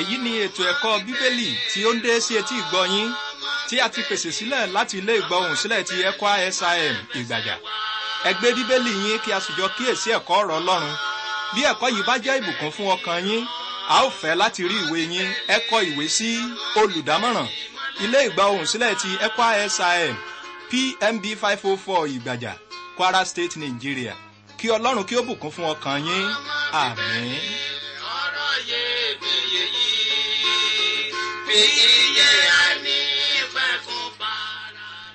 èyí ni ètò ẹ̀kọ́ bíbélì tí ó ń dé sí etí ìgbọ́ yín tí a ti pèsè sílẹ̀ láti ilé ìgbọ́hùn sílẹ̀ ti ẹ̀kọ́ SIM ìgbàjà ẹ gbé bíbélì yín kí a sì jọ kíyèsí ẹ̀kọ́ ọ̀rọ̀ ọlọ́run bí ẹ̀kọ́ yìí bá jẹ́ ìbùkún fún ọkàn yín a ó fẹ́ láti rí ìwé yín ẹ kọ ìwé sí olùdámọ̀ràn ilé ìgbọ́hùn sílẹ̀ ti ẹ̀kọ́ SIM PMB 504 ìgbàjà Kwara State Nigeria kí ọlọ́run kí ó bùkún fún ọkàn yín àmín.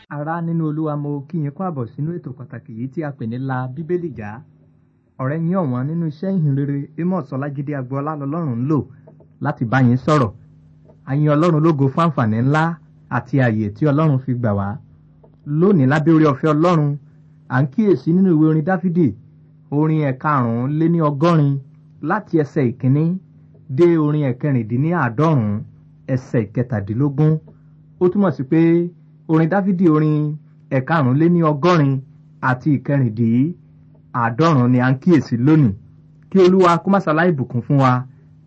ará nínú olúwa mo kí yín kó àbọ̀ sínú ètò pàtàkì yìí tí a pè ní la bíbélì já ọ̀rẹ́ yín ọ̀wọ́n nínú iṣẹ́ ìhìnrere amos ọlájídé agboola lọ́lọ́run ń lò láti bá yín sọ̀rọ̀ àyìn ọlọ́run lógo fún àǹfààní ńlá àti ààyè tí ọlọ́run fi gbà wá lónìí lábẹ́ orí ọ̀fẹ́ ọlọ́run à ń kíyèsí nínú ìwé orin dáfídì orin ẹ̀karùn-ún lé ní ọgọ́rin láti ẹsẹ̀ ìkíní dé orin ẹ̀kẹrìndínláàádọ́rùn-ún ẹsẹ̀ kẹtàdínlógún ó túmọ̀ sí pé orin dáfídì orin ẹ̀karùnléní ọgọ́rin àti ìkẹrìndí àádọ́rùn ni à ń kíyèsí lónìí kí olúwa kó má ṣàláì bùkún fún wa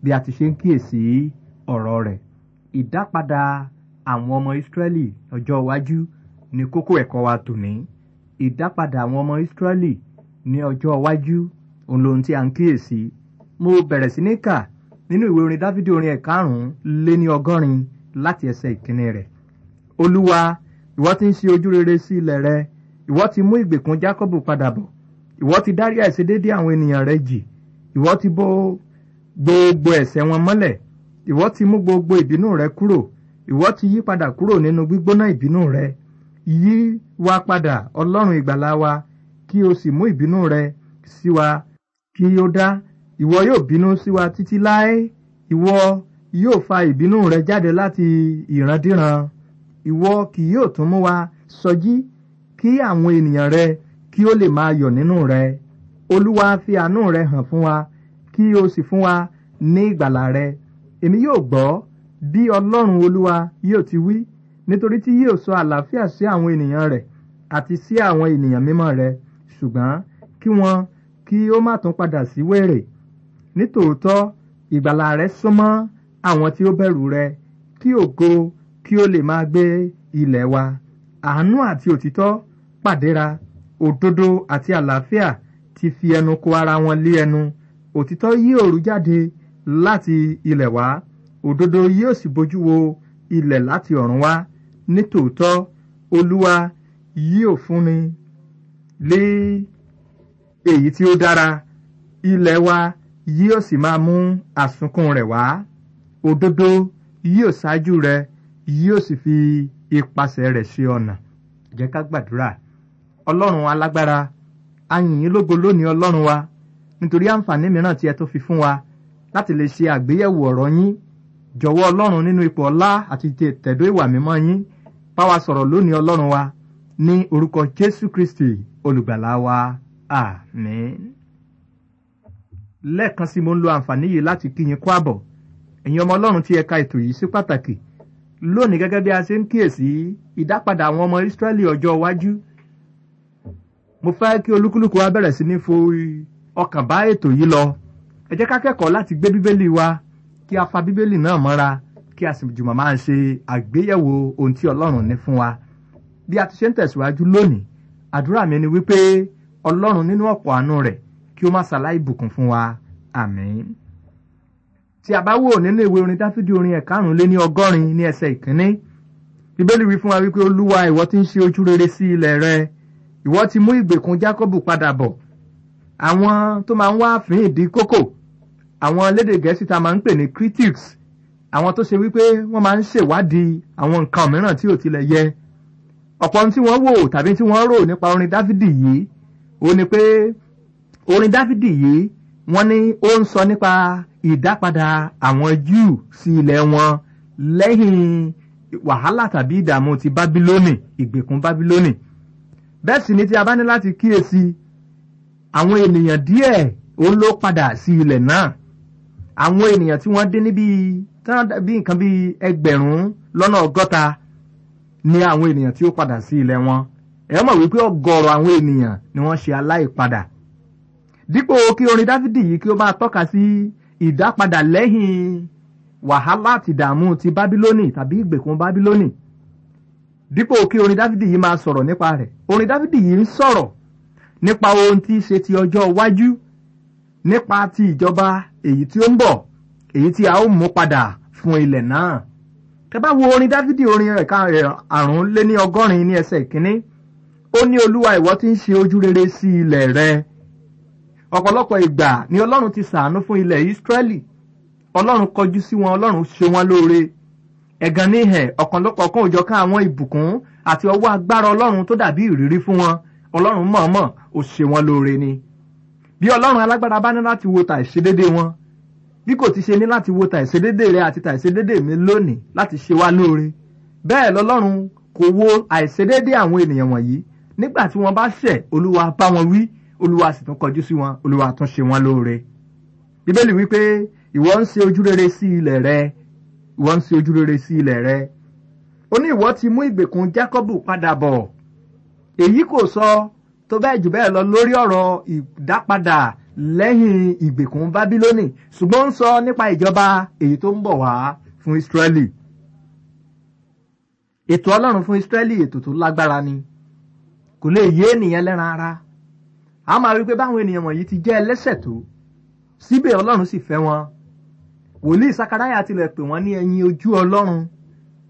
bí a ti ṣe ń kíyèsí ọ̀rọ̀ rẹ̀ ìdápadà àwọn ọmọ ìsírẹ́lì ọjọ́ iwájú ni kókó ẹ̀kọ́ wa tòní ìdápadà àwọn ọmọ ìsírẹ́lì ní ọjọ́ iwájú òun lohun tí a ń kíyèsí mo bẹ̀rẹ̀ sí ní kà nínú ìwé orin dávidi orin ẹ̀ karùn-ún lé ní ọgọ́rin láti ẹsẹ̀ ìkíní rẹ̀ olúwa ìwọ ti ń ṣe ojú rere sí ilẹ̀ rẹ ìwọ ti mú ìgbèkùn jákọ́bù padà bọ̀ ìwọ ti dárí àìṣedéédé àwọn ènìyàn rẹ jì ìwọ ti bò gbogbo ẹ̀ṣẹ̀ wọn mọ́lẹ̀ ìwọ ti mú gbogbo ìbínú rẹ kúrò ìwọ ti yí padà kúrò nínú gbígbóná ìbínú rẹ yí wa padà ọlọ́run ìgbàlà wa kí o sì mú ìbínú rẹ sí wa kí o dá ìwọ yóò bínú sí wa títí láé ìwọ yóò fa ìbínú rẹ jáde láti ìrandíran ìwọ kì yóò tún mú wa sọjí kí àwọn ènìyàn rẹ kí ó lè máa yọ̀ nínú rẹ olúwa fi àánú rẹ hàn fún wa kí o sì fún wa ní ìgbàlà rẹ èmi yóò gbọ́ bí ọlọ́run olúwa yóò ti wí nítorí tí yóò sọ àlàáfíà sí àwọn ènìyàn rẹ̀ àti sí àwọn ènìyàn mímọ́ rẹ̀ ṣùgbọ́n kí wọn kí ó má tún padà sí wèrè nítòótọ́ ìgbàlà rẹ súnmọ́ àwọn tí ó bẹ̀rù rẹ kí ògo kí ó lè máa gbé ilẹ̀ wa àánú àti òtítọ́ pàdéra òdodo àti àlàáfíà ti fi ẹnu kò ara wọn lé ẹnu òtítọ́ yí òru jáde láti ilẹ̀ wá òdodo yóò sì bójú wo ilẹ̀ láti ọ̀run wá nítòótọ́ olúwa yóò fúnni lé èyí tí ó dára ilẹ̀ wa yóò sì máa mú àsunkún rẹ̀ wá òdodo yóò ṣáájú rẹ̀ yóò sì fi ipasẹ̀ rẹ̀ ṣe ọ̀nà jẹ́ ká gbàdúrà ọlọ́run alágbára a lógo lónìí ọlọ́run wa nítorí àǹfààní mìíràn tí ẹ tó fi fún wa láti lè ṣe àgbéyẹ̀wò ọ̀rọ̀ yín jọ̀wọ́ ọlọ́run nínú ipò ọlá àti tẹ̀dó ìwà mímọ́ yín bá wa sọ̀rọ̀ lónìí ọlọ́run wa ní orúkọ jésù kristi olùgbàlà wa àmín. Ah, lẹ́ẹ̀kan sí mo ń lo àǹfààní yìí láti kí yín kú àbọ̀ ẹ̀yin ọmọ ọlọ́run tí ẹ̀ka ètò yìí sí pàtàkì lónìí gẹ́gẹ́ bí a ṣe ń kíyèsí ìdápadà àwọn ọmọ ìsírẹ́lì ọjọ́ iwájú mo fẹ́ kí olúkúlùkù wa bẹ̀rẹ̀ sí ní fo ọkàn bá ètò yìí lọ ẹ jẹ́ ká kẹ́kọ̀ọ́ láti gbé bíbélì wa kí a fa bíbélì náà mọ́ra kí a sì jùmọ̀ máa ń ṣe àgbéyẹ̀wò ohun tí ọlọ́run ní fún wa bí a ti ṣe ń tẹ̀síwájú lónìí àdúrà mi ni wípé ọlọ́run nínú ọ̀pọ̀ àánú rẹ̀ kí ó má ṣàlàyé ìbùkún fún wa àmín. tí a bá wò nínú ìwé orin dáfídì orin ẹ̀karùn-ún lé ní ọgọ́rin ní ẹsẹ̀ ìkínní bíbélì wí fún wa wípé olúwa ìwọ ti ń ṣe ojú rere sí ilẹ̀ rẹ ìwọ ti mú ìgbèkùn jákọ́bù padà bọ̀ àwọn tó máa ń wá àfin ìdí kókò àwọn lédè gẹ̀ẹ́sì tá máa ń pè ní critics àwọn tó ṣe wípé wọ́n máa ń ṣèwádìí àwọn nǹkan mìíràn tí ò tilẹ̀ yẹ ọ̀pọ̀ ohun tí wọ́n wò tàbí tí wọ́n rò nípa orin dáfídì yìí ó ní pé orin dáfídì yìí wọ́n ní ó ń sọ nípa ìdápadà àwọn júù sí ilẹ̀ wọn lẹ́yìn wàhálà tàbí ìdààmú ti bábílónì ìgbèkùn bábílónì bẹ́ẹ̀ sì ni tí a bá ní láti kíyèsí àwọn ènìyàn díẹ̀ ó ló padà sí ilẹ̀ náà àwọn ènìyàn tí wọ́n dé níbi bí nǹkan bí ẹgbẹ̀rún lọ́nà ọgọ́ta ni àwọn ènìyàn tí ó padà sí ilẹ̀ wọn ẹ mọ̀ wípé ọgọ́rọ̀ àwọn ènìyàn ni wọ́n ṣe aláìpadà dípò kí orin dáfídì yìí kí ó máa tọ́ka sí ìdápadà lẹ́yìn wàhálà àti ìdààmú ti bábílónì tàbí ìgbèkùn bábílónì dípò kí orin dáfídì yìí máa sọ̀rọ̀ nípa rẹ̀ orin dáfídì yìí ń sọ̀rọ̀ nípa ohun tí í ṣe ti ọjọ́ iwájú nípa ti ìjọba èyí tí ó ń bọ̀ èyí tí a ó mú padà fún ilẹ̀ náà tẹ́ wo orin dáfídì orin ẹ̀ka àrùn lé ní ọgọ́rin ní ẹsẹ̀ ìkíní ó ní olúwa ìwọ ti ń ṣe ojú rere sí ilẹ̀ rẹ̀ ọ̀pọ̀lọpọ̀ ìgbà ni ọlọ́run ti sàánú fún ilẹ̀ ìsírẹ́lì ọlọ́run kọjú sí wọn ọlọ́run ṣe wọn lóore ẹ̀gàn níhẹ̀ ọ̀kanlọ́kọ̀ọ̀kan òjọ ká àwọn ìbùkún àti ọwọ́ agbára ọlọ́run tó dàbí ìrírí fún wọn ọlọ́run mọ̀ọ́mọ̀ ó ṣe wọn lóore ni bí ọlọ́run alágbára bá ní láti wo ta ìṣedédé wọn bí kò ti ṣe ní láti wo ta ìṣedédé rẹ àti ta ìṣedédé mi lónìí láti ṣe wá lóore bẹ́ẹ̀ lọ́lọ́run kò wo àìṣedédé àwọn ènìyàn wọ̀nyí nígbà tí wọ́n bá ṣẹ̀ olúwa bá wọn wí olúwa sì tún kọjú sí wọn olúwa tún ṣe wọn lóore bíbélì wípé ìwọ ń ṣe ojúrere sí ilẹ̀ rẹ ìwọ ń ṣe ojúrere sí ilẹ̀ rẹ ó ní ìwọ ti mú ìgbèkùn jacob padà bọ̀ èyí kò sọ tó bẹ́ẹ̀ jù bẹ́ẹ̀ lọ lórí ọ̀rọ̀ ìdápadà lẹ́yìn ìgbèkùn bábílónì ṣùgbọ́n ń sọ nípa ìjọba èyí tó ń bọ̀ wá fún ìsírẹ́lì ètò ọlọ́run fún ìsírẹ́lì ètò tó lágbára ni kò lè yé ènìyàn lẹ́ran ara a máa rí i pé báwọn ènìyàn wọ̀nyí ti jẹ́ ẹlẹ́ṣẹ̀ tó síbẹ̀ ọlọ́run sì fẹ́ wọn wòlíì sakaraya tilẹ̀ pè wọ́n ní ẹyin ojú ọlọ́run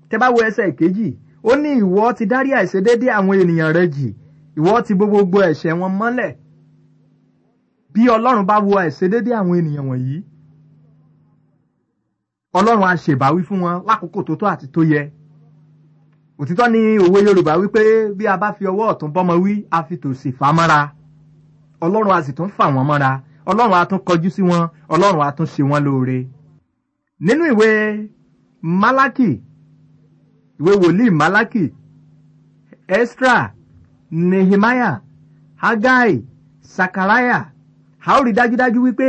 tẹ́ bá wo ẹsẹ̀ ìkejì ó ní ìwọ ti dárí àìṣedéédé àwọn ènìyàn rẹ jì ìwọ ti bò gbogbo ẹ̀ṣẹ̀ wọn mọ́lẹ̀ bí ọlọ́run bá wo àìṣedéédé àwọn ènìyàn wọ̀nyí ọlọ́run á ṣèbáwí fún wọn lákòókò tó tó àti tó yẹ òtítọ́ ni òwe yorùbá wípé bí a bá fi ọwọ́ ọ̀tún bọ́mọ wí a fi tòsì fàmọ́ra ọlọ́run a sì tún fà wọ́n mọ́ra ọlọ́run a tún kọjú sí wọn ọlọ́run a tún ṣe wọ́n lóore. nínú ìwé málákì ìwé wòlíì málákì estra nehemiah hagai sakaraya a ó rí dájúdájú wípé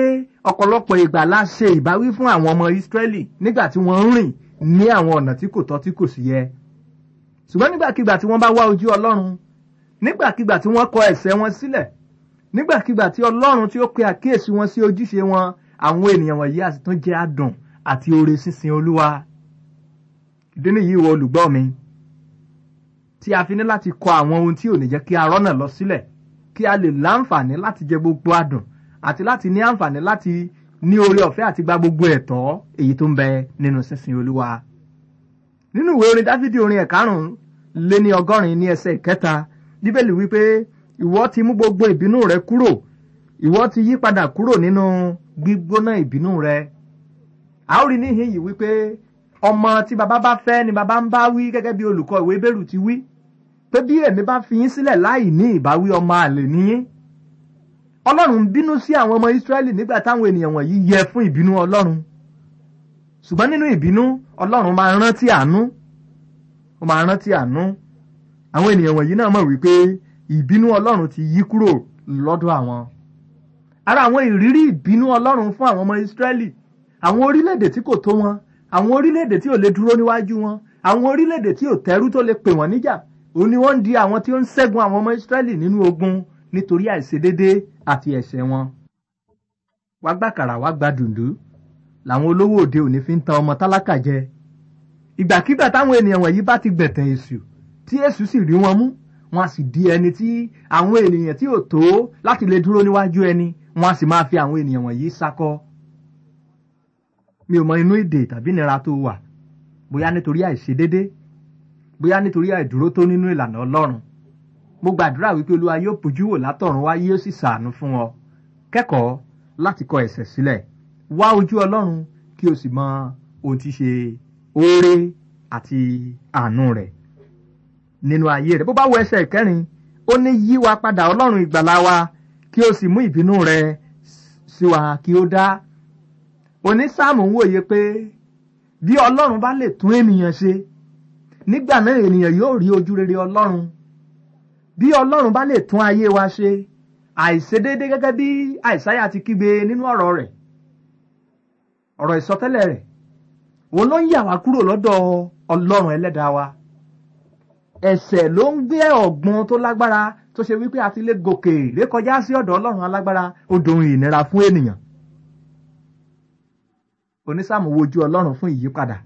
ọ̀pọ̀lọpọ̀ ìgbà la ṣe ìbáwí fún àwọn ọmọ ìsírẹ́lì nígbà tí wọ́n ń rìn ní àwọn ọ̀nà tí kò tọ́ tí kò sì yẹ ṣùgbọ́n nígbàkigbà tí wọ́n bá wá ojú ọlọ́run nígbàkigbà tí wọ́n kọ ẹ̀ṣẹ̀ wọn sílẹ̀ nígbàkigbà tí ọlọ́run tí ó pe àkíyèsí wọn sí ojúṣe wọn àwọn ènìyàn wọ̀nyí àti tún jẹ́ àdùn àti oore sísin olúwa ìdí nìyí ìwọ olùgbọ́ mi tí a fi ní láti kọ àwọn ohun tí ò ní jẹ́ kí a rọ́nà lọ sílẹ̀ kí a lè láǹfààní láti jẹ gbogbo àdùn àti láti ní àǹfààní láti ní oore ọ̀fẹ́ àti gba gbogbo ẹ̀tọ́ èyí tó ń bẹ nínú sísin olúwa nínú ìwé orin dáfídì orin ẹ̀kárùn-ún lé ní ọgọ́rin ní ẹsẹ̀ ìkẹta bíbélì wípé ìwọ ti mú gbogbo ìbínú rẹ kúrò ìwọ ti yí padà kúrò nínú gbígbóná ìbínú rẹ. a níhìn yìí wípé ọmọ tí baba bá fẹ́ ni baba ń bá wí gẹ́gẹ́ bí olùkọ́ ìwé bẹ́rù ti wí pé bí èmi bá fi yín sílẹ̀ láì ní ìbáwí ọmọ àlè níyín. ọlọ́run bínú sí àwọn ọmọ Ísírẹ́lì nígbà táwọn ènìyàn wọ̀nyí yẹ fún ìbínú ọlọ́run ṣùgbọ́n nínú ìbínú ọlọ́run máa rántí àánú ó máa rántí àánú àwọn ènìyàn wọ̀nyí náà mọ̀ wípé ìbínú ọlọ́run ti yí kúrò lọ́dọ̀ àwọn ara àwọn ìrírí ìbínú ọlọ́run fún àwọn ọmọ ìsírẹ́lì àwọn orílẹ̀-èdè tí kò tó wọn àwọn orílẹ̀-èdè tí ò lè dúró níwájú wọn àwọn orílẹ̀-èdè tí ò tẹ́rú tó lè pè wọ́n níjà òun ni wọ́n ń di àwọn tí ó ń ṣẹ́gun àwọn ọmọ ìsírẹ́lì nínú ogun nítorí àìṣedédé àti ẹ̀ṣẹ̀ wọn. wá gbàkàrà wá gba dùndú làwọn olówó òde òní fi ń tan ọmọ tálákà jẹ ìgbàkigbà táwọn ènìyàn wọ̀nyí bá ti gbẹ̀tàn èṣù tí èṣù sì rí wọn mú wọn á sì di ẹni tí àwọn ènìyàn tí ò tó láti lè dúró níwájú ẹni wọn á sì máa fi àwọn ènìyàn wọ̀nyí sakọ. mi ò mọ inú ìdè tàbí ìnira tó wà bóyá nítorí àìṣedédé bóyá nítorí àìdúró tó nínú ìlànà ọlọ́run mo gbàdúrà wípé olúwa yóò pojú wò látọ̀run wá yóò sì sàánú fún ọ kẹ́kọ̀ọ́ láti kọ ẹ̀ṣẹ̀ sílẹ̀ wá ojú ọlọ́run kí o sì mọ ohun tí ṣe oore àti àánú rẹ̀ nínú ayé rẹ̀ bó bá wọ ẹsẹ̀ ìkẹrin ó ní yí wa padà ọlọ́run ìgbàlà wa kí o sì mú ìbínú rẹ sí wa kí o dá onísáàmù ń wòye pé bí ọlọ́run bá lè tún ènìyàn ṣe nígbà náà ènìyàn yóò rí ojú rere ọlọ́run bí ọlọ́run bá lè tún ayé wa ṣe àìṣedéédé gẹ́gẹ́ bí àìsáyà ti kígbe nínú ọ̀rọ̀ rẹ̀ ọ̀rọ̀ ìsọtẹ́lẹ̀ rẹ̀ òun ló ń yà wá kúrò lọ́dọ̀ ọlọ́run ẹlẹ́dàá wa ẹ̀ṣẹ̀ ló ń gbé ọ̀gbun tó lágbára tó ṣe wípé àti lè gòkè rékọjá sí ọ̀dọ̀ ọlọ́run alágbára odò ìnira fún ènìyàn onísàmù wojú ọlọ́run fún ìyípadà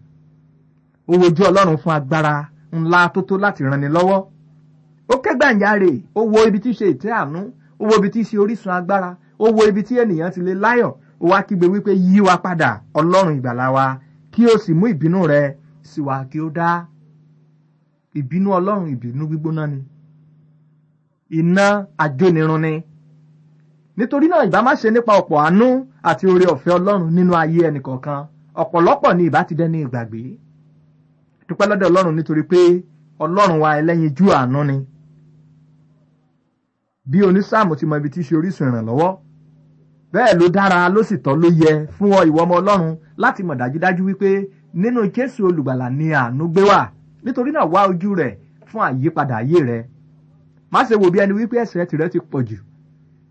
ó wojú ọlọ́run fún agbára ńlá tó tó láti ranni lọ́wọ́ ó kẹ́gbàǹjarè ó wo ibi tí í ṣe ìtẹ́ àánú ó wo ibi tí í ṣe orísun agbára ó wo ibi tí ènìyàn ti lè láyọ̀ ó wá kígbe wípé yí wa padà ọlọ́run ìgbàlà wa kí o sì mú ìbínú rẹ sí wa kí o dá ìbínú ọlọ́run ìbínú gbígbóná ni iná ajónirun ni nítorí náà ìbá má ṣe nípa ọ̀pọ̀ àánú àti oore ọ̀fẹ́ ọlọ́run nínú ayé ẹnìkọ̀ọ̀kan ọ̀pọ̀lọpọ̀ ni ìbá ti dẹ́ni ìgbàgbé dúpẹ́ lọ́dọ̀ ọlọ́run nítorí pé ọlọ́run wa ẹlẹ́yinjú àánú ni bí onísáàmù ti mọ ibi tí í ṣe orísun ìrànlọ́wọ́ bẹ́ẹ̀ ló dára ló sì tọ́ ló yẹ fún ìwọ ọmọ ọlọ́run láti mọ̀ dájúdájú wípé nínú jésù olùgbàlà ni àánú gbé wà nítorí náà wá ojú rẹ̀ fún àyípadà ayé rẹ̀ má ṣe wò bí ẹni wípé ẹ̀ṣẹ̀ tìrẹ ti pọ̀ jù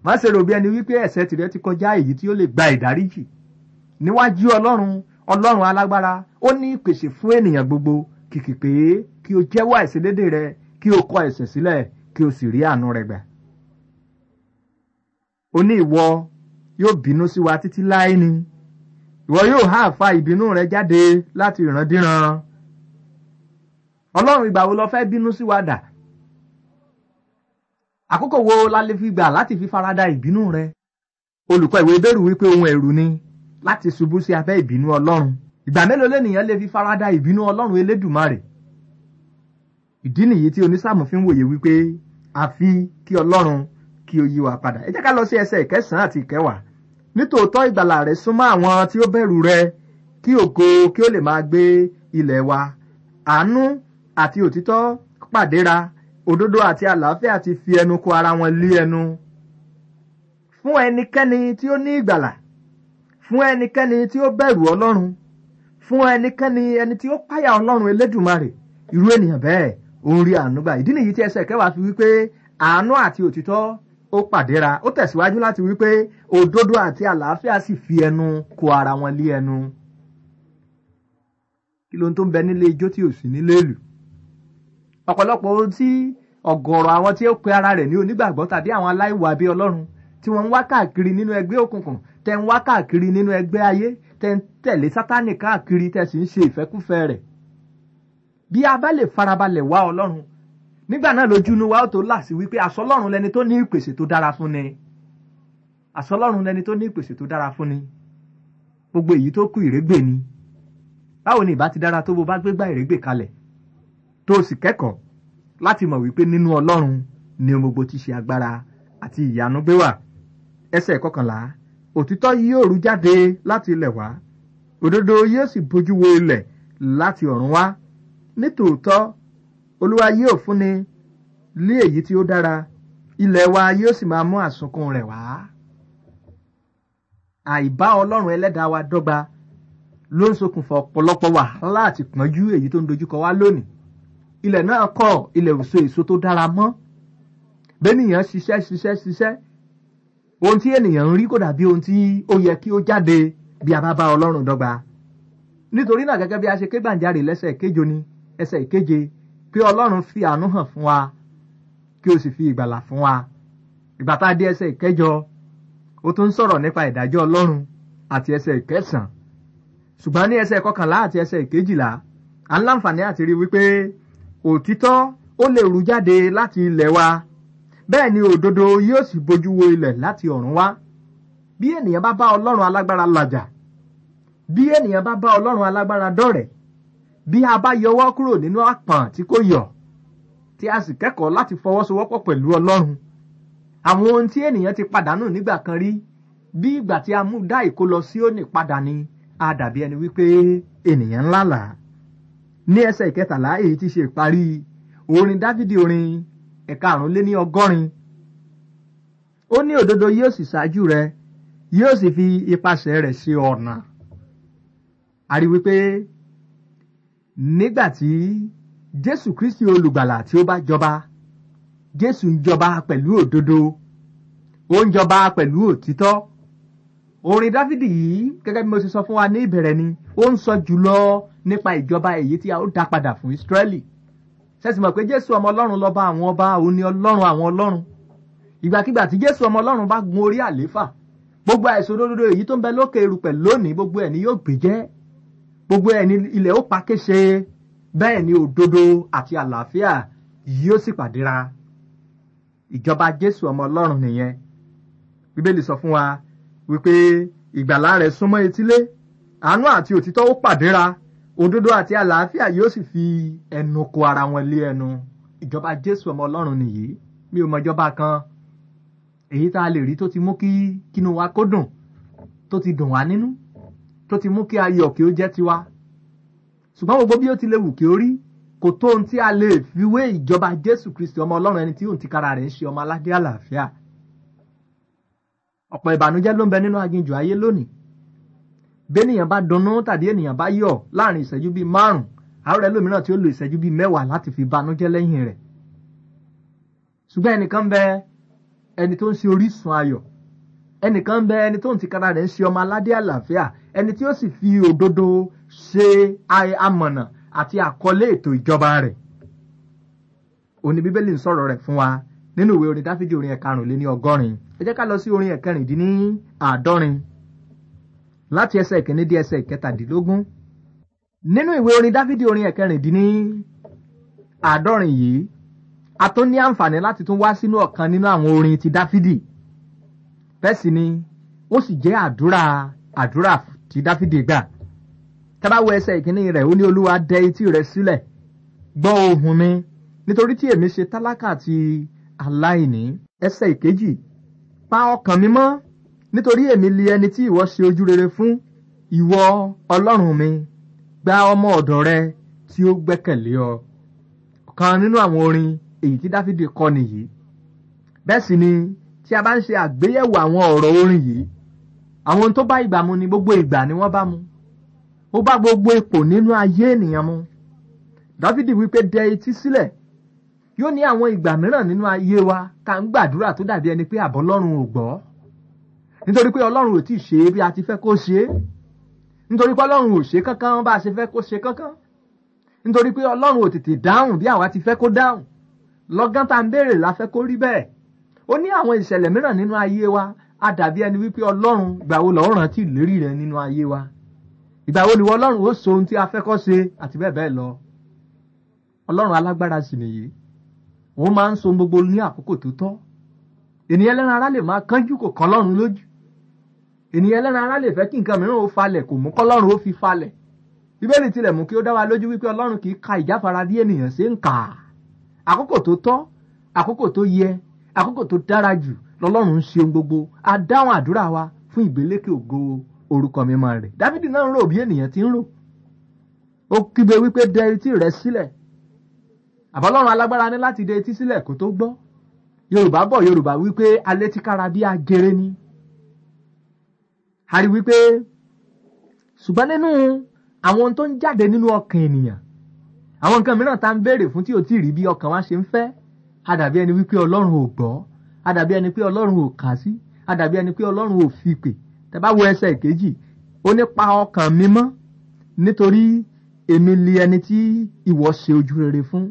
má ṣe rò bí ẹni wípé ẹ̀ṣẹ̀ tìrẹ ti kọjá èyí tí ó lè gba ìdáríjì níwájú ọlọ́run ọlọ́run alágbára ó ní ìpèsè fún ènìyàn gbogbo kìkì pé kí o jẹ́wọ́ àìṣedédé rẹ kí o kọ ẹ̀ṣẹ̀ sílẹ̀ kí o sì rí àánú rẹ gbà. ó ní ìwọ yóò bínú sí wa títí láé ni ìwọ yóò há àfa ìbínú rẹ jáde láti ìrandíran ọlọ́run ìgbà wo lọ fẹ́ bínú sí wa dà àkókò wo la lè fi gbà láti fi farada ìbínú rẹ olùkọ́ ìwé bẹ́rù wípé ohun ẹ̀rù ni láti ṣubú sí abẹ́ ìbínú ọlọ́run ìgbà mélòó lẹ́nìyàn lè fi farada ìbínú ọlọ́run elédùmarè ìdí nìyí tí onísàmù fi ń wòye wípé àfi kí ọlọ́run kí ó yí wa padà ẹ jẹ́ ká lọ sí ẹsẹ̀ ìkẹsàn-án àti ìkẹwàá nítòótọ́ ìgbàlà rẹ̀ súnmọ́ àwọn tí ó bẹ̀rù rẹ kí ògo kí ó lè máa gbé ilẹ̀ wa àánú àti òtítọ́ pàdéra òdodo àti àlàáfíà ti fi ẹnu kò ara wọn lé ẹnu fún ẹnikẹ́ni tí ó ní ìgbàlà fún ẹnikẹ́ni tí ó bẹ̀rù ọlọ́run fún ẹnikẹ́ni ẹni tí ó páyà ọlọ́run elédùmarè irú ènìyàn bẹ́ẹ̀ ó ń rí àánú gbà ìdí nìyí tí ẹsẹ̀ kẹwàá fi wípé àánú àti òtítọ́ ó pàdéra ó tẹ̀síwájú láti wípé òdodo àti àlàáfíà sì fi ẹnu kò ara wọn lé ẹnu kí ló ń tó ń bẹ nílé ijó tí ò sí nílé ìlú ọ̀pọ̀lọpọ̀ ohun tí ọ̀gọ̀rọ̀ àwọn tí ó pe ara rẹ̀ ní onígbàgbọ́ tàbí àwọn aláìwà bí ọlọ́run tí wọ́n ń wá káàkiri nínú ẹgbẹ́ òkùnkùn tẹ́ ń wá káàkiri nínú ẹgbẹ́ ayé tẹ́ ń tẹ̀lé sátánì káàkiri tẹ́ sì ń ṣe ìfẹ́kúfẹ́ rẹ̀. bí a bá lè farabalẹ̀ wá ọlọ́run nígbà náà lójú inú wa ó tó là wípé àsọlọ́run lẹni tó ní ìpèsè tó dára fún ni àsọlọ́run lẹni tó ní ìpèsè tó dára fún ni gbogbo èyí tó kù ìrégbè ni báwo ni ìbá ti dára tó bó bá gbégbá ìrégbè kalẹ̀ tó o sì kẹ́kọ̀ọ́ láti mọ̀ wípé nínú ọlọ́run ni gbogbo ti ṣe agbára àti ìyanu gbé wà ẹsẹ̀ kọkànlá òtítọ́ yóò rú jáde láti ilẹ̀ wá òdodo yóò sì bójú wo ilẹ̀ láti ọ̀run wá nítòótọ́ olúwa yóò fúnni lé èyí tí ó dára ilẹ̀ wa yóò sì máa mú àsunkún rẹ̀ wá. àìbá ọlọ́run ẹlẹ́dàá wa dọ́gba ló ń ṣokùnfà ọ̀pọ̀lọpọ̀ wàhálà àti pọ́njú èyí tó ń dojúkọ wá lónìí ilẹ̀ náà kọ̀ ilẹ̀ òso èso tó dára mọ́ bẹ́nìyàn ṣiṣẹ́ ṣiṣẹ́ ṣiṣẹ́ ohun tí ènìyàn ń rí kò dàbí ohun tí ó yẹ kí ó jáde bí a bá bá ọlọ́run dọ́gba nítorí náà gẹ́gẹ́ bí a ṣe ké gbàǹjarè lẹ́sẹ̀ kéjo ni ẹsẹ̀ ìkéje pé ọlọ́run fi àánú hàn fún wa kí o sì fi ìgbàlà fún wa ìgbà tá a dé ẹsẹ̀ ìkẹjọ ó tún sọ̀rọ̀ nípa ìdájọ́ ọlọ́run àti ẹsẹ̀ ìkẹsàn ṣùgbọ́n ní ẹsẹ̀ kọkànlá àti ẹsẹ̀ ìkejìlá à ń láǹfààní àti rí wípé òtítọ́ ó lè rú jáde láti ilẹ̀ wa bẹ́ẹ̀ ni òdodo yóò sì bójú wo ilẹ̀ láti ọ̀run wá bí ènìyàn bá bá ọlọ́run alágbára làjà bí ènìyàn bá bá ọlọ́run alágbára dọ̀rẹ̀ bí a bá yọwọ́ kúrò nínú àpọ̀n tí kò yọ̀ tí a sì kẹ́kọ̀ọ́ láti fọwọ́sowọ́pọ̀ pẹ̀lú ọlọ́run àwọn ohun tí ènìyàn ti pàdánù nígbà kan rí bí ìgbà tí a mú dá ìkó lọ sí òní padà ni a dàbí ẹni wípé ènìyàn ńlá làá ní ẹsẹ̀ ìkẹtàlá èyí tí ṣe ìparí orin dávidi orin ẹ̀karùn lé ní ọgọ́rin ó ní òdodo yóò sì ṣáájú rẹ yóò sì fi ipasẹ̀ rẹ̀ ṣe ọ̀nà àrí wípé nígbà tí jésù kristi olùgbàlà tí ó bá jọba jésù ń jọba pẹ̀lú òdodo ó ń jọba pẹ̀lú òtítọ́ orin dávidi yìí gẹ́gẹ́ bí mo ti sọ fún wa ní ìbẹ̀rẹ̀ ni ó ń sọ jùlọ nípa ìjọba èyí tí a ó dá padà fún Ísírẹ́lì ṣẹ́sì mọ̀ pé Jésù ọmọ Ọlọ́run lọ́ba àwọn ọba òun ni Ọlọ́run àwọn Ọlọ́run ìgbàkigbà tí Jésù ọmọ Ọlọ́run bá gun orí àléfà gbogbo àìsàn òdodo èyí tó ń bẹ lókè erùpẹ̀ lónìí gbogbo ẹ̀ ni yóò gbé jẹ́ gbogbo ẹ̀ ni ilẹ̀ ó pa kéṣe bẹ́ẹ̀ ni òdodo àti àlàáfíà yóò sì pàdéra ìjọba Jésù ọmọ Ọlọ́run nìyẹn Bíbélì sọ fún wa wípé ìgbàlà rẹ̀ súnmọ́ etílé àánú àti òtítọ́ ó pàdéra òdodo àti àlàáfíà yóò sì fi ẹnu kò ara wọn lé ẹnu ìjọba jésù ọmọ ọlọ́run nìyí mi ò mọ ìjọba kan èyí tá a lè rí tó ti mú kí kínú wa kó dùn tó ti dùn wá nínú tó ti mú kí ayọ̀ kí ó jẹ́ tiwa ṣùgbọ́n gbogbo bí ó ti lè wù kí ó rí kò tó ohun tí a lè fi ìjọba jésù kristi ọmọ ọlọ́run ẹni tí òun ti kára rẹ̀ ń ṣe ọmọ aládé àlàáfíà ọ̀pọ̀ ìbànújẹ́ ló ń bẹ nínú aginjù ayé lónìí bẹ́nìyàn bá dunnú tàbí ènìyàn bá yọ̀ láàrin ìṣẹ́jú bíi márùn-ún àárọ̀ ẹlòmíràn tí ó lo ìṣẹ́jú bíi mẹ́wàá láti fi banújẹ́ lẹ́yìn rẹ̀ ṣùgbọ́n ẹnìkan bẹ ẹni tó ń ṣe orísun ayọ̀ ẹnìkan bẹ ẹni tó ń tìkára rẹ̀ ń ṣe ọmọ aládé àlàáfíà ẹni tí ó sì fi òdodo ṣe amọ̀nà àti àkọlé ètò ìjọba rẹ̀ òní bíbélì ń sọ̀rọ̀ rẹ̀ fún wa nínú ìwé orin dáfídì orin ẹ̀karùn-ún lé ní ọgọ́rin ẹ jẹ́ ká lọ sí orin ẹ̀kẹrìndínláàádọ́rin láti ẹsẹ̀ kìíní dé ẹsẹ̀ kẹtàdínlógún nínú ìwé orin dáfídì orin ẹ̀kẹrìndínní àádọ́rin yìí a tó ní àǹfààní láti tún wá sínú ọ̀kan nínú àwọn orin ti dáfídì bẹ́ẹ̀ sì ni ó sì jẹ́ àdúrà àdúrà ti dáfídì gbà tábàwọ ẹsẹ̀ ìkíní rẹ̀ ó ní olúwa dẹ etí rẹ̀ sílẹ̀ gbọ́ ohùn mi nítorí tí èmi ṣe tálákà àti aláìní ẹsẹ̀ ìkejì pa ọkàn mi mọ́ nítorí èmi li ẹni tí ìwọ ṣe ojú rere fún ìwọ ọlọ́run mi gba ọmọ ọ̀dọ̀ rẹ tí ó gbẹ́kẹ̀lé ọ ọ̀kan nínú àwọn orin èyí tí dáfídì kọ nìyí bẹ́ẹ̀ sì ni tí a bá ń ṣe àgbéyẹ̀wò àwọn ọ̀rọ̀ orin yìí àwọn ohun tó bá ìgbà mu ni gbogbo ìgbà ni wọ́n bá mu ó bá gbogbo ipò nínú ayé ènìyàn mu dáfídì wípé dẹ etí sílẹ̀ yóò ní àwọn ìgbà mìíràn nínú ayé wa tá ń gbàdúrà tó dàbí ẹni pé àbọ̀lọ́run ò gbọ́ nítorí pé ọlọ́run ò tí ì ṣe é bí a ti fẹ́ kó ṣe é nítorí pé ọlọ́run ò ṣe kankan bá a ṣe fẹ́ kó ṣe kankan nítorí pé ọlọ́run ò tètè dáhùn bí àwa ti fẹ́ kó dáhùn lọ́gán tá à ń béèrè la fẹ́ kó rí bẹ́ẹ̀ ó ní àwọn ìṣẹ̀lẹ̀ mìíràn nínú ayé wa a dàbí ẹni wípé ọlọ́run gbàwo lọ́ọ́ rántí ìlérí rẹ nínú ayé wa ìgbàwo ni ọlọ́run ó so ohun tí a fẹ́ kó ṣe àti bẹ́ẹ̀ bẹ́ẹ̀ lọ ọlọ́run alágbára sì nìyí òun máa ń so gbogbo ní àkókò tó tọ́ ènìyàn lẹ́ran ara lè máa kánjú kò kán lọ́run lójú ènìyàn ẹlẹ́ran ara lè fẹ́ kí nǹkan mìíràn ó falẹ̀ kò mú kọ́lọ́run ó fi falẹ̀ bíbélì tilẹ̀ mú kí ó dá wa lójú wípé ọlọ́run kì í ka ìjáfara dí ènìyàn ṣe ń kà á àkókò tó tọ́ àkókò tó yẹ àkókò tó dára jù lọ́lọ́run ń ṣe gbogbo a dáhùn àdúrà wa fún ìgbélékè ògo orúkọ mímọ́ rẹ̀ dáfídì náà ń rò bí ènìyàn ti ń rò ó kígbe wípé dẹ etí rẹ sílẹ̀ àbọ́lọ́run alágbára ní láti dẹ etí sílẹ̀ kó tó gbọ́ yorùbá bọ̀ yorùbá wípé alẹ́ tí kára bí ajere ni a rí wípé ṣùgbọ́n nínú àwọn ohun tó ń jáde nínú ọkàn ènìyàn àwọn nǹkan mìíràn tá à ń béèrè fún tí ò tí ì rí bí ọkàn wa ṣe ń fẹ́ àdàbí ẹni wípé ọlọ́run ò gbọ́ àdàbí ẹni pé ọlọ́run ò kà sí àdàbí ẹni pé ọlọ́run ò fi pè tẹ́bá wo ẹsẹ̀ ìkejì ó ní pa ọkàn mi mọ́ nítorí èmi li ẹni tí ìwọ ṣe ojú rere fún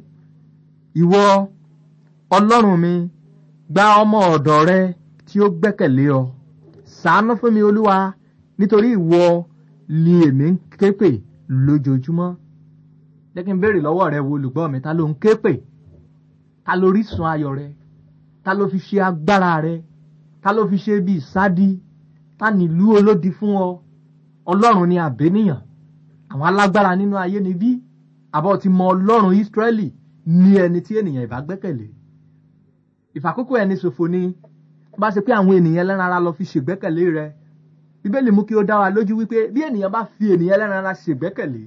ìwọ ọlọ́run mi gba ọmọ ọ̀dọ̀ rẹ tí ó gbẹ́kẹ̀lé ọ sàánú fún mi olúwa nítorí ìwọ ni èmi ń ké pè lójoojúmọ́ jẹ́ kí n béèrè lọ́wọ́ rẹ wo olùgbọ́ mi ta ló ń ké pè ta ló rí sun ayọ̀ rẹ ta ló fi ṣe agbára rẹ ta ló fi ṣe bí ìsádi ta nílú olódi fún ọ ọlọ́run ni àbẹ́nìyàn àwọn alágbára nínú ayé ni bí àbọ̀ ti mọ ọlọ́run Ísírẹ́lì ní ẹni tí ènìyàn ìbá gbẹ́kẹ̀lé ìfàkókò ẹni ṣòfò ni bá ṣe pé àwọn ènìyàn ẹlẹ́ran ara lọ fi ṣègbẹ́kẹ̀lé rẹ bíbélì mú kí ó dá wa lójú wípé bí ènìyàn bá fi ènìyàn ẹlẹ́ran ara ṣègbẹ́kẹ̀lé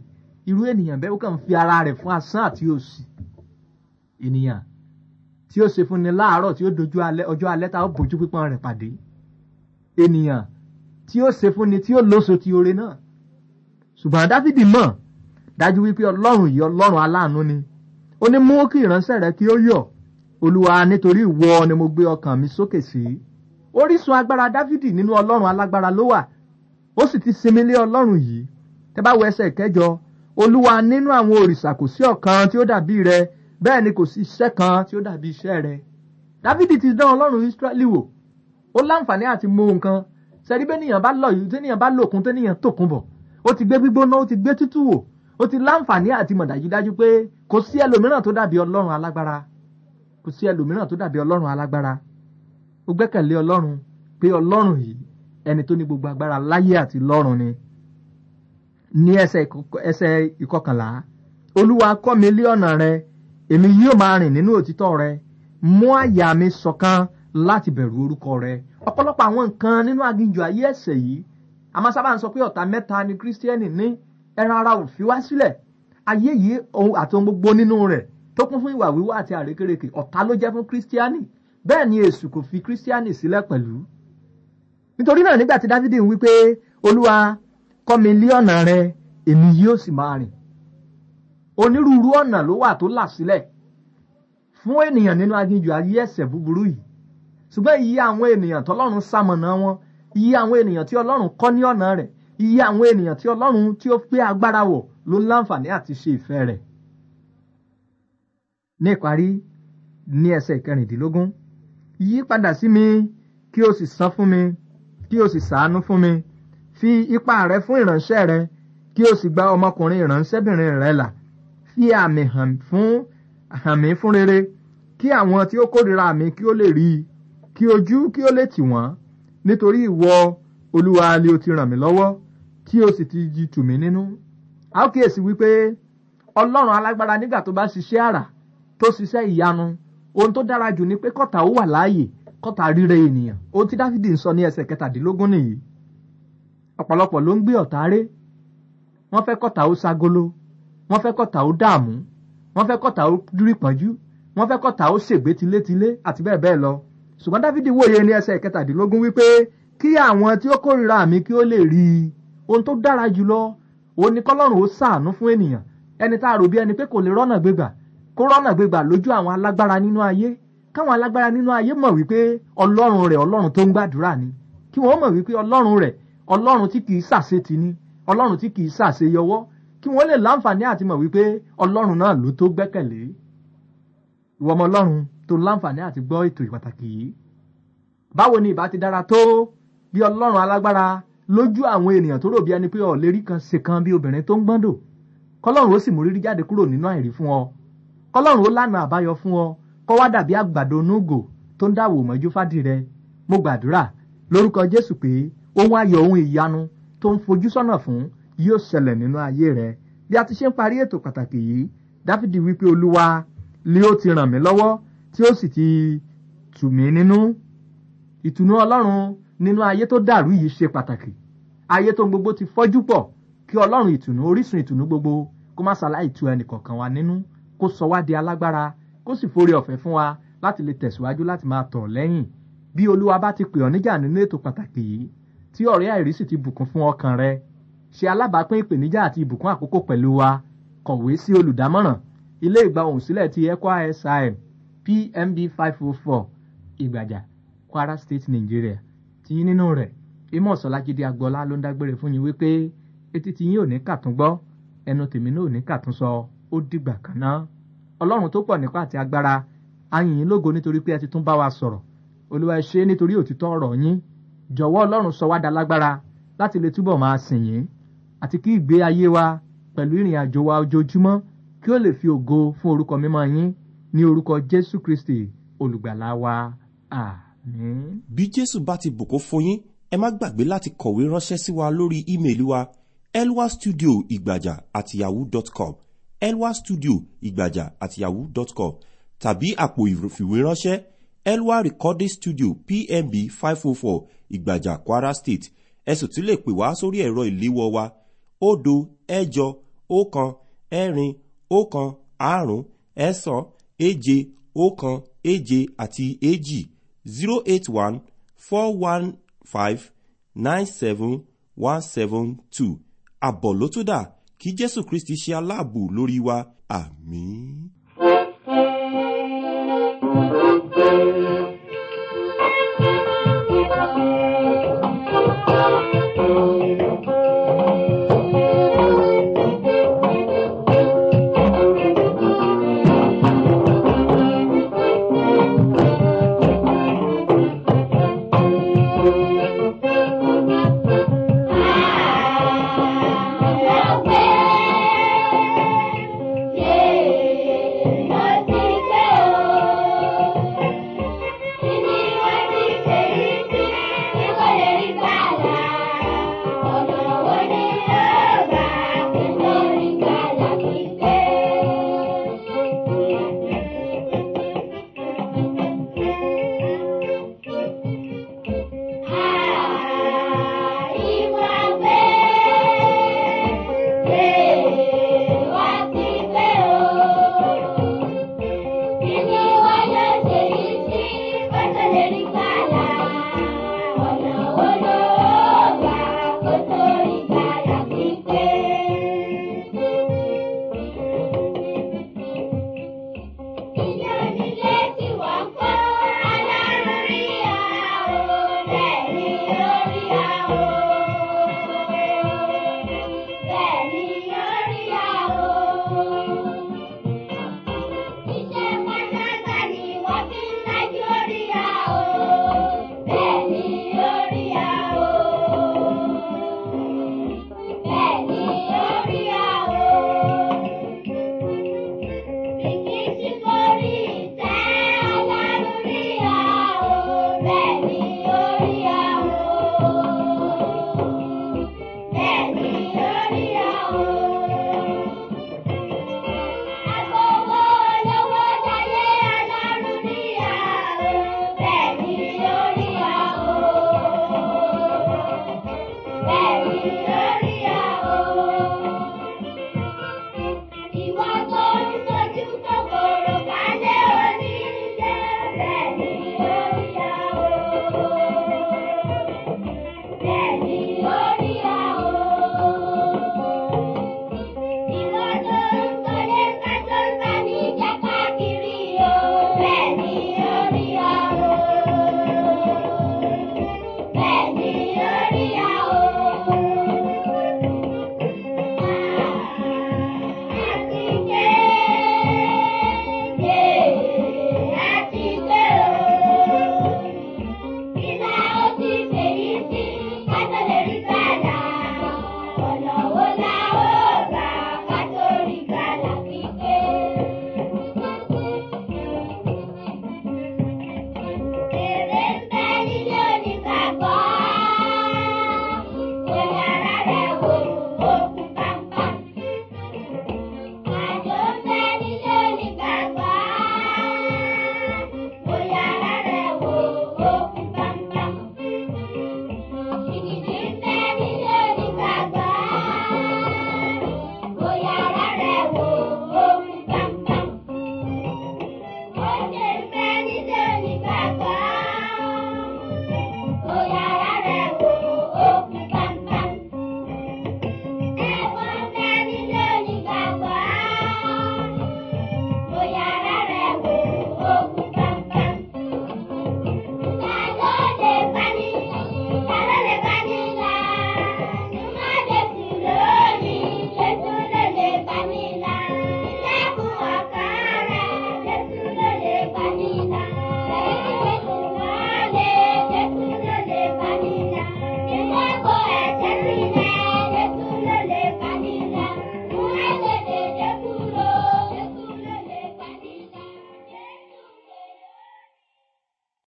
irú ènìyàn bẹ́ẹ̀ ó kàn ń fi ara rẹ̀ fún asán àti òṣì ènìyàn tí ó ṣe fúnni láàárọ̀ tí ó dojú alẹ́ ọjọ́ alẹ́ tá ó bójú pípọ́n rẹ̀ pàdé ènìyàn tí ó ṣe fúnni tí ó lóso ti oore náà ṣùgbọ́n dáfídì mọ̀ dájú wípé ọlọ́run yìí ọlọ́run aláàánú ni ó ní mú kí ìránṣẹ́ rẹ kí ó yọ̀ olúwa nítorí ìwọ ni mo gbé ọkàn mi sókè sí orísun agbára dávidi nínú ọlọ́run alágbára ló wà ó sì ti sinmi lé ọlọ́run yìí tẹ́ bá wo ẹsẹ̀ kẹjọ olúwa nínú àwọn òrìṣà kò sí ọ̀kan tí ó dàbí rẹ bẹ́ẹ̀ ni kò sí iṣẹ́ kan tí ó dàbí iṣẹ́ rẹ dávidi ti dán ọlọ́run israẹli wò ó láǹfààní àti mọ nǹkan sẹ́rí bẹ́nìyàn bá lọ yìí tẹ́nìyàn bá lòkun tẹ́nìyàn tòkun bọ̀ ó ti gbé gbígbóná ó ti gbé tútù wò ó ti láǹfààní àti mọ̀ dájúdájú pé kò sí ẹlòmíràn tó dàbí ọlọ́run alágbára kò sí ẹlòmíràn tó dàbí ọlọ́run alágbára ó gbẹ́kẹ̀lé ọlọ́run pé ọlọ́run yìí ẹni tó ní gbogbo agbára láyé àti lọ́run ni ní ẹsẹ̀ ìkọkànlá olúwa kọ́ mi lé ọ̀nà rẹ èmi yóò máa rìn nínú òtítọ́ rẹ mú àyà mi ṣọ̀kan láti bẹ̀rù orúkọ rẹ ọ̀pọ̀lọpọ̀ àwọn nǹkan nínú aginjù ayé ẹ̀ṣẹ̀ yìí a sábà ń sọ pé ọ̀tá mẹ́ta ni kírísítíẹ́nì ní ẹran ara ò fi wá sílẹ̀ ayé yìí àti ohun gbogbo nínú rẹ̀ tó kún fún ìwà wíwá àti àrékérekè ọ̀tá ló jẹ́ fún kírísítíánì bẹ́ẹ̀ ni èṣù kò fi kírísítíánì sílẹ̀ pẹ̀lú. nítorí náà nígbà tí dávidi ń wí pé olúwa kọ́ mi lí ọ̀nà rẹ èmi yóò sì máa rìn onírúurú ọ̀nà ló wà tó là sílẹ̀ fún ènìyàn nínú aginjù ayé ẹ̀ṣẹ̀ búburú yìí ṣùgbọ́n iye àwọn ènìyàn tọ́lọ́run ṣamọ̀nà wọn iye àwọn ènìyàn tí ọlọ́run kọ́ ní ọ̀nà rẹ̀ iye àwọn ènìyàn tí ọlọ́run tí ó pé agbára wọ̀ ló láǹfààní àti ṣe ìfẹ́ rẹ̀ ní ìparí ní ẹsẹ̀ ìkẹrìndínlógún yí padà sí mi kí o sì san fún mi kí o sì sàánú fún mi fi ipá rẹ fún ìránṣẹ́ rẹ kí o sì gba ọmọkùnrin ìránṣẹ́bìnrin rẹ là fi àmì hàn fún hàn mí fún rere kí àwọn tí ó kórìíra mi kí ó lè rí i kí ojú kí ó lè tì wọ́n nítorí ìwọ olúwa lé o ti ràn mí lọ́wọ́ tí o sì ti di mí nínú. a ó kíyèsí wípé ọlọ́run alágbára nígbà tó bá ṣiṣẹ́ àrà tó ṣiṣẹ́ ìyanu ohun tó dára jù ni pé kọ́tà ó wà láàyè kọ́tà ríre ènìyàn ohun tí dáfídì ń sọ ní ẹsẹ̀ kẹtàdínlógún nìyí ọ̀pọ̀lọpọ̀ ló ń gbé ọ̀tá ré wọ́n fẹ́ kọ́tà ó ságolo wọ́n fẹ́ kọ́tà ó dààmú wọ́n fẹ́ kọ́tà ó rí pọ́njú wọ́n fẹ́ kọ́tà ó ṣègbé tilétilé àti bẹ́ẹ̀ bẹ́ẹ̀ lọ ṣùgbọ́n dáfídì wòye ní ẹsẹ̀ kẹtàdínlógún wípé kí àwọn tí ó kórìíra mi kí ó lè rí i ohun tó dára jùlọ òun ni kọ́lọ́run ó ṣàánú fún ènìyàn ẹni tá a rò bí ẹni pé kò lè rọ́nà gbégbà kó rọ́nà gbégbà lójú àwọn alágbára nínú ayé káwọn alágbára nínú ayé mọ̀ wípé ọlọ́run rẹ̀ ọlọ́run tó ń gbàdúrà ni kí wọ́n mọ̀ wípé ọlọ́run rẹ̀ ọlọ́run tí kìí ṣàṣe ti ni ọlọ́run tí kìí ṣàṣe yọwọ́ kí wọ́n lè láǹfààní àti mọ̀ wípé ọlọ́run náà ló tó gbẹ́kẹ̀lé ìwọ ọmọ ọlọ́run tó láǹfààní àti gbọ́ ètò ìpàtàkì yìí báwo ni ìbá ti dára tó bí ọlọ́run alágbára lójú àwọn ènìyàn tó rò bí ẹni pé ó kan ṣe kan bí obìnrin tó ń gbọ́ndò kọ́lọ́run ó sì mú rírí jáde kúrò nínú àìrí fún ọ kọ́lọ́run ó lànà àbáyọ fún ọ kọ́ wá dàbí àgbàdo onúgò tó ń dàwò mọ́jú fàdìrẹ mo gbàdúrà lórúkọ jésù pé ohun ayọ̀ ohun ìyanu tó ń fojú sọ́nà fún yóò ṣẹlẹ̀ nínú ayé rẹ bí a ti ṣe ń parí ètò pàtàkì yìí dáfídì wípé olúwa ni ó ti ràn mí lọ́wọ́ tí ó sì ti tù mí nínú ìtùnú ọlọ́run nínú ayé tó dàrú yìí ṣe pàtàkì ayé tó gbogbo ti fọ́jú pọ̀ kí ọlọ́run ìtùnú orísun ìtùnú gbogbo kó má ṣàlàyé tu ẹnì kọ̀ọ̀kan wa nínú kó sọ wá di alágbára kó sì forí ọ̀fẹ́ fún wa láti lè tẹ̀síwájú láti máa tọ̀ lẹ́yìn bí olúwa bá ti pè ọ́ níjà nínú ètò pàtàkì yìí tí ọ̀rẹ́ àìrísí ti bùkún fún ọkàn rẹ ṣe alábàápín ìpèníjà àti ìbùkún àkókò pẹ̀lú wa kọ̀wé sí olùdámọ̀ràn ilé ìgba ohùn sílẹ̀ ti ECWA SIM PMB five oh four ìgbàjà Kwara State Nigeria tí nínú rẹ̀ ìmọ̀ sọ̀lágídí agbọ́lá ló ń dágbére fún yín wípé etí ti yín ò ní kàtúngbọ́ ẹnu tèmi náà ò ní kàtúnsọ ó dìgbà kan náà ọlọ́run tó pọ̀ nípa àti agbára ayìnyín lógo nítorí pé ẹ ti tún bá wa sọ̀rọ̀ olúwa ẹ ṣe é nítorí òtítọ́ ọ̀rọ̀ yín jọ̀wọ́ ọlọ́run sọ wá da lágbára láti lè túbọ̀ máa sìn yín àti kí ìgbé ayé wa pẹ̀lú ìrìn àjò wa ojoojúmọ́ kí ó lè fi ògo fún orúkọ mímọ́ yín ní orúkọ jésù kristi olùgbàlà wa àmín. bí jésù bá ti bùkún fún yín ẹ má gbàgbé láti kọ̀wé ránṣẹ́ sí wa lórí ímeèlì wa elwastudio ìgbàjà at dot com elwa studio ìgbàjà àti yahoo.com tàbí àpò ìfìwéránṣẹ́ elwa recording studio pmb five oh four ìgbàjà kwara state ẹ sì tún lè pè wá sórí ẹ̀rọ ìléwọ́ wa òdo ẹ̀jọ ọ̀kan ẹ̀rin Okan, àrún ẹ̀sán èje ọ̀kan èje àti èjì zero eight one four one five nine seven one seven two àbọ̀ ló tún dà kí jésù kristi ṣe aláàbò lórí wa àmín.